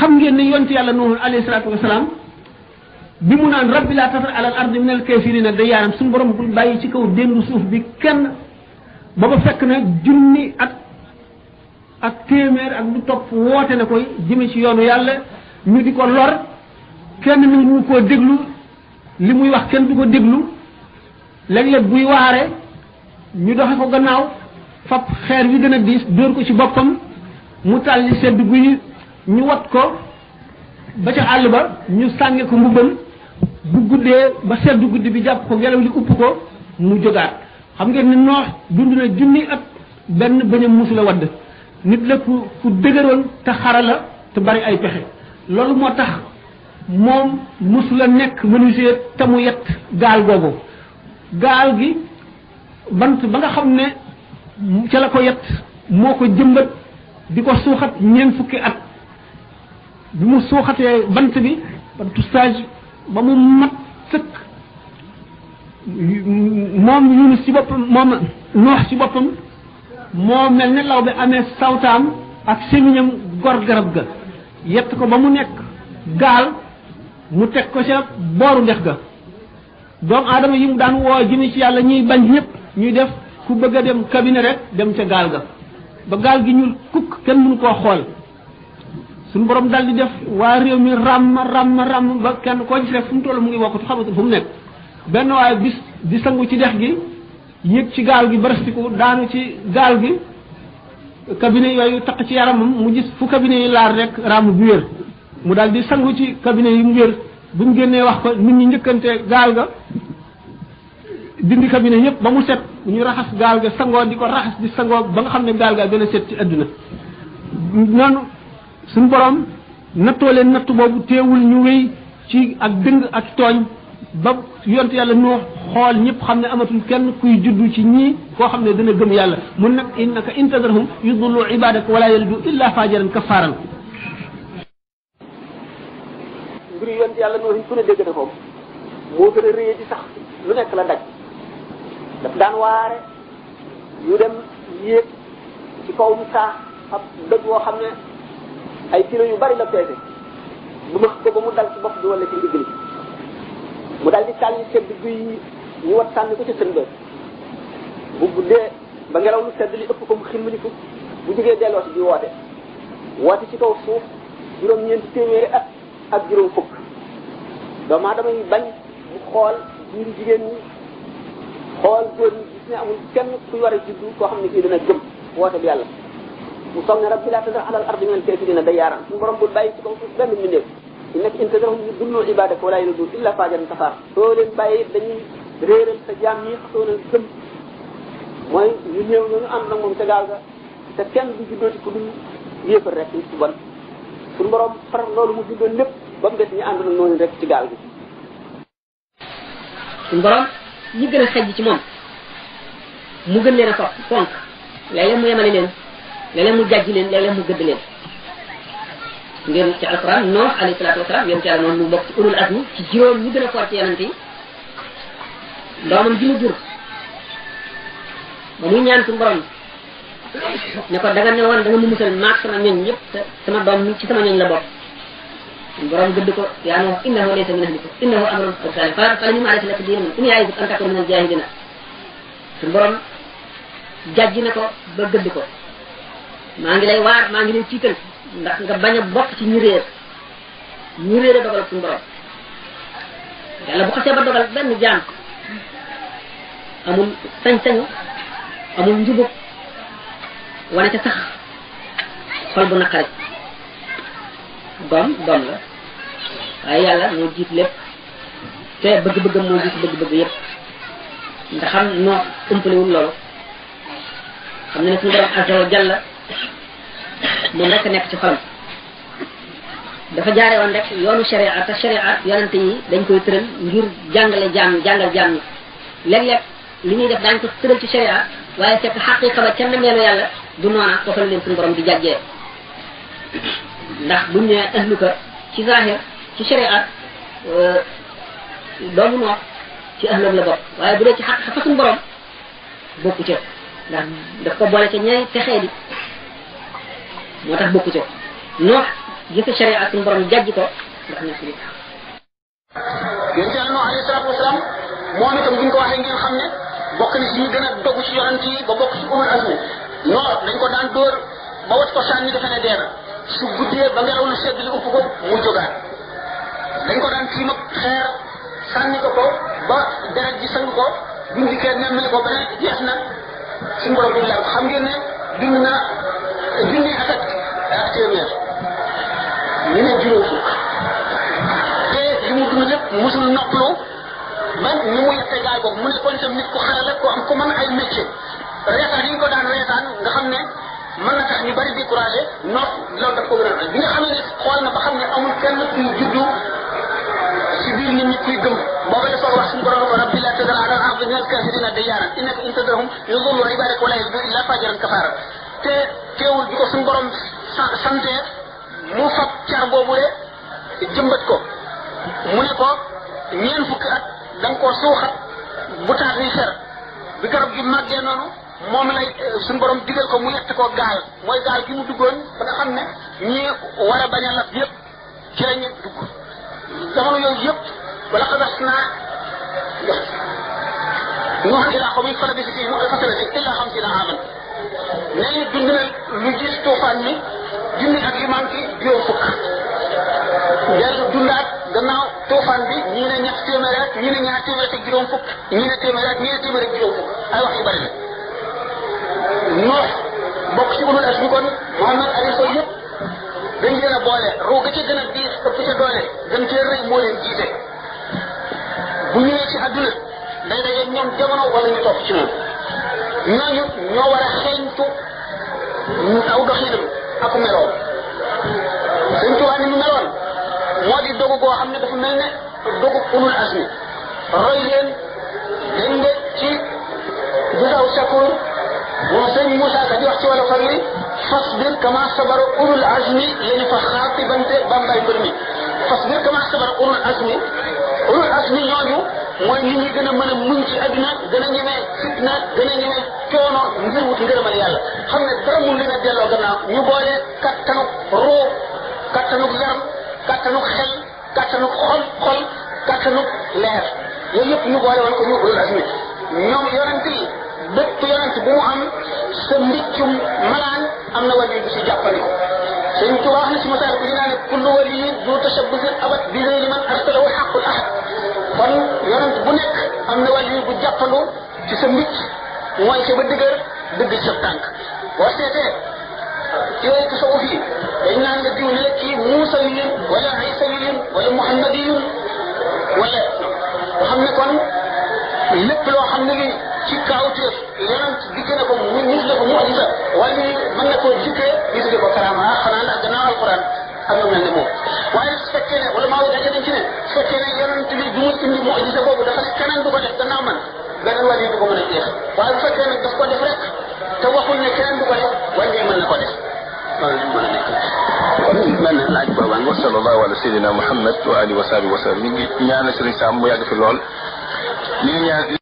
xam ngeen ne yonent yàlla nuuhu alayhi salaatu wasalaam bi mu naan rabbi laa tasar alal ardi minal kaafiriina dayyaaran suñu borom bu bàyyi ci kaw déndu suuf bi kenn ba ba fekk na junni ak ak téeméer ak lu topp woote na koy jëme ci yoonu yàlla ñu di ko lor kenn mi mu koo déglu li muy wax kenn du ko déglu léeg-léeg buy waare ñu doxe ko gannaaw fab xeer wi gën a diis dóor ko ci boppam mu tàlli sedd guy ñu wat ko ba ca àll ba ñu sànge ko mbubbam bu guddee ba seddu guddi bi jàpp ko ngelaw li upp ko mu jógaat xam ngeen ne noox dund na junni at benn bañam musula wadd nit la ku ku dëgëroon te xara te bari ay pexe loolu moo tax moom musula nekk menuisier te mu yett gaal googu gaal gi bant ba nga xam ne ca la ko yet moo ko jëmbat di ko suuxat ñeent fukki at bi mu suuxatee bant bi bantu stage ba mu mat sëkk moom Yunus ci boppam moom Noox ci boppam moo mel ne law bi amee sawtaam ak sémiñam gor garab ga yett ko ba mu nekk gaal mu teg ko ca booru dex ga doomu aadama yi mu daan woo jëme ci yàlla ñuy bañ ñëpp ñuy def ku bëgg dem cabine rek dem ca gaal ga ba gaal gi ñuul kukk kenn mënu koo xool suñu borom daal di def waa réew mi ràmm ràmm ràmm ba kenn koo gis rek fu mu toll mu ngi wokkatu xamatu fu mu nekk benn waaye bis di sangu ci dex gi yéeg ci gaal gi barastiku daanu ci gaal gi cabinet yooyu taq ci yaramam mu gis fu kabine yi laar rek ràmm bu wér mu daal di sangu ci cabinet yi mu wér bu mu génnee wax ko nit ñu njëkkante gaal ga dindi cabinet yëpp ba mu set ñu raxas gaal ga sangoo di ko raxas di sangoo ba nga xam ne gaal ga gën a set ci àdduna suñ borom nattoo leen natt boobu teewul ñu wéy ci ak dëng ak tooñ ba yont yàlla noo xool ñëpp xam ne amatul kenn kuy juddu ci ñii koo xam ne dana gëm yàlla mun nag innaka intadarhum yudullu ibadak wala yalidu illa fajaran kafaran mbiri yont yàlla noo ku ne dégg na ko moo gën a rëyee ci sax lu nekk la daj daf daan waare yu dem yéeg ci kawum saa ab dëgg woo xam ne ay kilo yu bari la peese lu ma ko ba mu dal ci bopp bi wala ci ndigg li mu dal di sànni sedd guy ñu wat sànni ko ci sën ba bu buddee ba ngelaw lu sedd li ëpp ko mu xirmaliku bu jógee delloo si di woote woote ci kaw suuf juróom-ñeenti téeméeri at ak juróom fukk doomu aadama yi bañ bu xool biir jigéen xool góor gis ne amul kenn kuy war a juddu koo xam ne kii dana gëm woote bi yàlla mu toog ne rabbi laa a alal ardi minal kaafiriina dayyaaran suñu borom bul bàyyi ci kaw suuf benn mbindeef innaka in tadarhum yudillu ibaadaka wa laa yalidu illa faajaran kafaar soo leen bàyyi dañuy réeral sa jaam yi xasoo na gëm mooy ñu néew borom far loolu mu juddoon lépp ba mu des ñu ànd nag noonu rek ci gaal gi suñu borom ñi gën a xejj ci moom mu gën leen a fonk léeg-léeg mu yemale leen léeg mu jàjj leen léeg-léeg mu gëdd leen ngir ci alquran noox alayhi salaatu wasalaam yonent yàlla noonu mu bokk ci ulul azmi ci juróom ñu gën a foor ci yonent yi doomam ji mu jur ba muy ñaan suñu borom ne ko danga ne woon danga mu musal maak sama ñoñ yëpp sama doom mi ci sama ñoñ la bokk borom gëdd ko yaa nu wax innahu laysa min ahlikum innahu amrun saalihun fa fa lanim alayka laka diinun in ya'izuka an takuna min al-jaahiliina suñu borom jàjj na ko ba gëdd ko maa ngi lay waar maa ngi lay tiital ndax nga bañ a bokk ci ñu réer ñu réer a dogal suñu borom yàlla bu xasee ba dogal benn jaam amul sañ-sañu amul njubub wane ca sax xol bu naqari doom doom la waaye yàlla moo jiit lépp te bëgg-bëggam moo jiit bëgg-bëgg yépp ndax xam noo umpaliwul loolu xam ne ne suñu borom wa jalla moom rek nekk ci xolam dafa jaare woon rek yoonu sharia te sharia yonente yi dañ koy tëral ngir jàngale jaam jàngal jaam ñi léeg-léeg li ñuy def daañu ko tëral ci sharia waaye fekk xaqiqa ba ca nameelu yàlla du noona foofa la leen suñu borom di jàggee ndax buñ nee ahlu ka ci zahir ci sharia doomu noo ci ahlam la bokk waaye bu dee ci xaqiqa fa suñu borom bokku ca ndax daf ko boole ca ñay texee di moo tax bokku ca noox jëfe sharia suñu borom jàjj ko ndax ñàkk bi yéen ci yàlla noox alayhi salaatu wasalaam moom itam bu ñu ko waxee ngeen xam a ko daan dóor ba ko sànni defe ne ngelaw lu sedd li upp ko mu jógaat dañ ko daan tiim xeer sànni ko ko ba deret ji ko buñ dikkee nemmee ko ba ne jeex na suñu xam ngeen junni at téeméer ñu ne juróom fukk te li mu dund lépp musul noppaloo man ni mu yette gaay boobu mu nekkoon itam nit ku xarala ku am ku mën ay métier reetaan yi ñu ko daan reetaan nga xam ne mën na tax ñu bari découragé noot loolu daf ko gën a bi nga xam ne xool na ba xam ne amul kenn kuy juddu ci biir nit ñi kuy gëm boobu dafa wax suñu borom rabbi la tadar ala ardi min alkafirina dayyaran innaka in tadarhum yudillu ibadaka wala yalidu illa fajiran kafara te teewul bi ko suñu borom santee mu fab car boobule jëmbat ko mu ne ko ñeen fukki at da nga koo suuxat bu tax yi fer bi garab gi màggee noonu moom lay eh, suñu borom digal ko mu yett ko gaal mooy gaal gi mu duggoon ba nga xam ne ñii war a bañ a lab ci la ñu dugg jamono yooyu yëpp wala xagas naa ñu wax ilaa xaw ma fala bi si mu fasala si illaa xam si na aman nee ñu dund na lu gis tuufaan mi junni ak li manqué juróom fukk dellu dundaat bi ñii ne ñetti téeméer ak ñii ne ñaar téeméer ak juróom fukk ñii ne téeméer ak ñii ne téeméer ak juróom bari noox bokk ci ulul azmi kon Muhammad alayhi salaam yëpp boole roo ga ca gën a diis ëpp ca doole gën cee rëy moo leen jiite bu ñëwee ci àdduna day dajeeg ñoom jamono wala ñu topp ci moom ñooñu ñoo war a xeeñtu aw doxinam ak meloom sëñ Tuubaa ni mu meloon moo di dogu goo xam ne dafa mel ne dogu ulul azmi roy leen dañ nga ci gisaw sakur moom sëñ Moussa ka di wax ci wala far wi fasbir kama sabara ulul azmi la ñu fa xaatibante bambay mbir mi fasbir kama sabara ulul azmi ak ni ñooñu mooy nit ñi gën a mën a muñ ci àddina gën a ñemee fitna gën a ñemee coono ngir wut ngërëmal yàlla xam ne dara mun leen a delloo gannaaw ñu boole kattanuk roo kattanuk yaram kattanuk xel kattanuk xol xol kattanuk leer yooyu yëpp ñu boole woon ko ñu ulul azmi ñoom yonent yi bépp yonent bu mu am sa mbiccum malaan am na wàllu bu si jàppandi ko sëñ Tuubaa wax na si masaal ku ñu naan kullu waliyin du tashabbusin abad bi ghayri man arsalahu xaqul yonent bu nekk am na wàllu bu jàppandu ci sa mbicc mooy sa ba dëgër dëgg ci sa tànk boo seetee ci yooyu tasawuf yi dañ naan la diw ne la kii Muusa yun wala Isa yun wala Muhammad yun wala nga xam ne kon lépp loo xam ne li ci kaawteef yonent digg na ko mu ñu tudde ko mucjisa wala mën na koo jikkee ñu tudde ko karaama xanaa ndax gannaaw alquran am na mel ne moom waaye su fekkee ne wala maa wu daje dañ ci ne su fekkee ne yonent bi bi mu indi mucjisa boobu dafa ne keneen du ko def danaa man beneen wàll yi du ko mën a jeex waaye bu fekkee nag daf ko def rek te waxul ne keneen du ko def wàll yi mën na ko def loolu mën a nekk benn laaj boobu nga sallallahu ala sayyidina muhammad wa alihi wa sahbihi wa sallam ñu ngi ñaanal sëriñ Sam mu yàgg fi lool ñu ngi ñaan